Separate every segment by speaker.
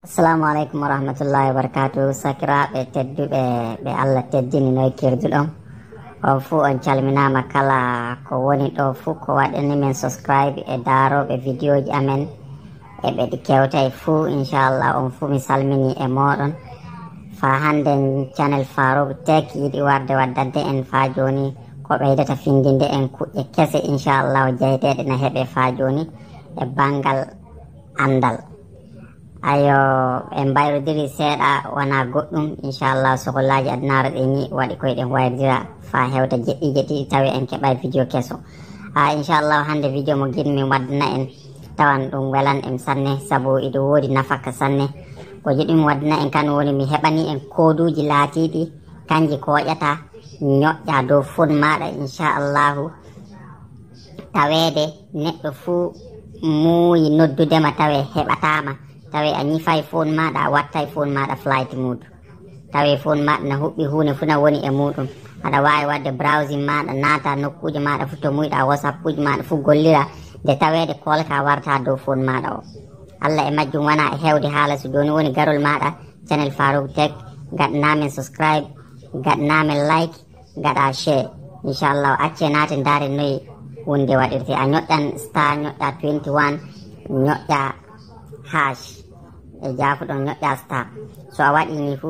Speaker 1: assalamu aleykum wa rahmatullahi wa barakatu sakiraɓe tedduɓe ɓe allah teddini noye kirduɗon o fuu on calminama kala ko woni ɗo fuu ko waɗani men souscribe e daaroɓe vidéo ji amen eɓe ɗi kewta e fuu inchallah on fuu mi salmini e moɗon fa hande channel farou tek yiɗi warde waddande en fa joni ko ɓeydata findinde en kuƴƴe kese inchallah o jeyteɗe na heeɓe fa joni e bangal andal ayo en mbayrodiri seeɗa wona goɗɗum inchallah sohollaji adnaara ɗe ni waɗi koyeɗen wawdira fa hewta jeɗɗi jeɗɗi tawi en keɓai video keso a inchallah hande video mo guin min waddana en tawan ɗum welan en sanne saabu iɗo e woodi nafaka sanne ko jiɗimi waddana en kan woni mi heɓani en koduji laatiɗi kanji koƴata ñoƴƴa dow fon maɗa inchallahu taweede neɗɗo fuu muuyi noddudema tawe heɓatama tawe a ñifay phone maɗa a wattay phone maɗa flight muɗum tawe phone maɗa na huɓɓi hunde fu na woni e muɗum aɗa wawi wadde browsin maɗa nata nokkuje maɗa fu tomuyɗa whatsapp uji maɗa fu gollira nde tawede kolka warta dow phone maɗa o allah e majjum wona e hewde haala so joni woni garol maɗa channel farouk tek gaɗanamen subscribe gaɗanamen like gaɗa share inchallah o acce nate dare noyi wonde waɗirte a ñoɗɗan star ñoɗɗa 21 ñoɗɗa hash e jafu ɗon ñoƴƴa star so a waɗi ni fu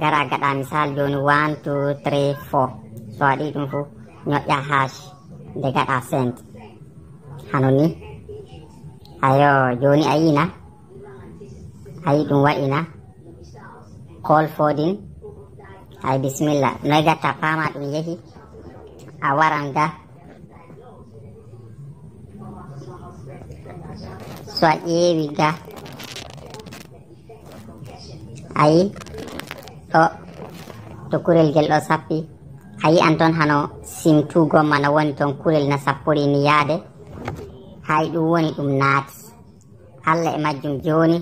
Speaker 1: gara gaɗa misal joni 1 2 3 4 so waɗi ɗum fu ñoƴƴa hash nde gaɗa cent hanon ni ayo joni a yina a yi ɗum waɗina call fodin ay bisimilla noy gatta pama ɗum yehi a waran ga so a ƴeewi ga a yi ɗo to kurel gel ɗo sappi a yi an toon hano simtugomma no woni toon kurel na sappori ni yaade hay ɗum woni ɗum naati allah e majjum jooni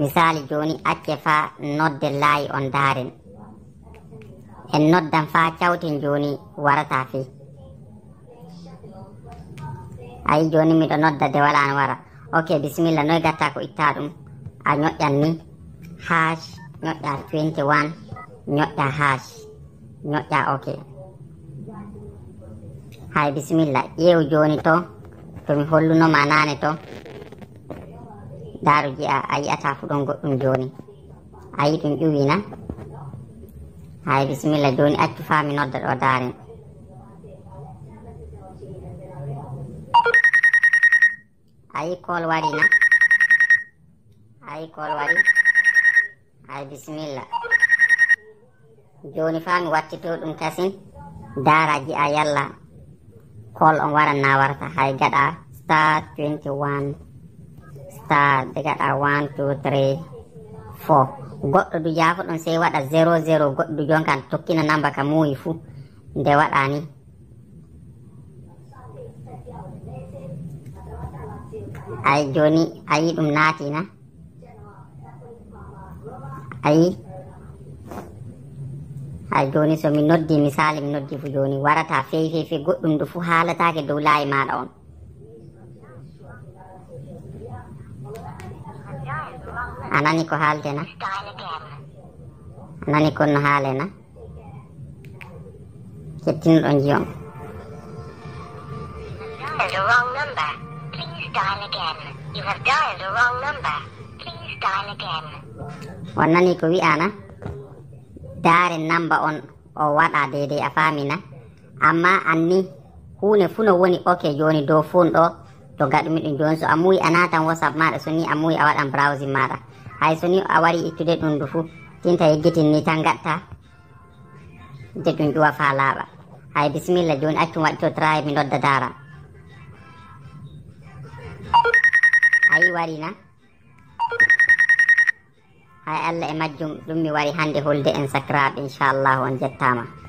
Speaker 1: misali jooni acce faa nodde laayi on daaren en noddan faa cawten jooni warata fii a yi jooni miɗo nodda de walaan wara ok bisimilla noy gatta ko ittaa ɗum a ñoƴƴan ni hash ñoɗɗa 21 ñoɗɗa hash ñoɗɗa ok hay bisimilla ƴeew joni to to mi hollunoma nane to daaru jiya a yiyata fu ɗon goɗɗum joni a yi ɗum ƴuwina hay bisimilla joni accu fa mi nodda ɗo daari a yi kol warina a yi kol wari ay bisimilla joni fa mi dum ɗum dara ji a yalla kol on wara na warta hay gada star 21 star ɓe gaɗa 1 2 3 4 goddo du yafo don sey wada 00 goddo jonkan tokkina namba ka muuyi fu de wada ni ay joni ay dum natina ayi ha joni somi noddi misali mi noddi fu joni warata fewi fewi fewi goɗɗum ɗo fuu haalatake dow laayi maɗa on
Speaker 2: a nani ko haaldena
Speaker 1: a nani kon no haalena kettinoɗo jiyom
Speaker 2: The wrong number. Please dial again. You have dialed the wrong number. Please dial again.
Speaker 1: o nani ko wi'ana daare namba on o waɗa deydey a faamina amma anni huunde fuu no woni oke jooni dow fon ɗo to gaɗumi ɗum jooni so a muyi a natan wasap maɗa so ni a muyi a waɗan browsi maɗa hay so ni a wari ittude ɗum du fuu tinta yeggitin ni tan gatta de ɗum ƴuwa fa laaɓa hay bisimilla jooni accum waɗi to trai mi nodda daaram a yi warina هاي الله يمجم دمي واري هاندي هولدي انسكراب ان شاء الله وانجتاما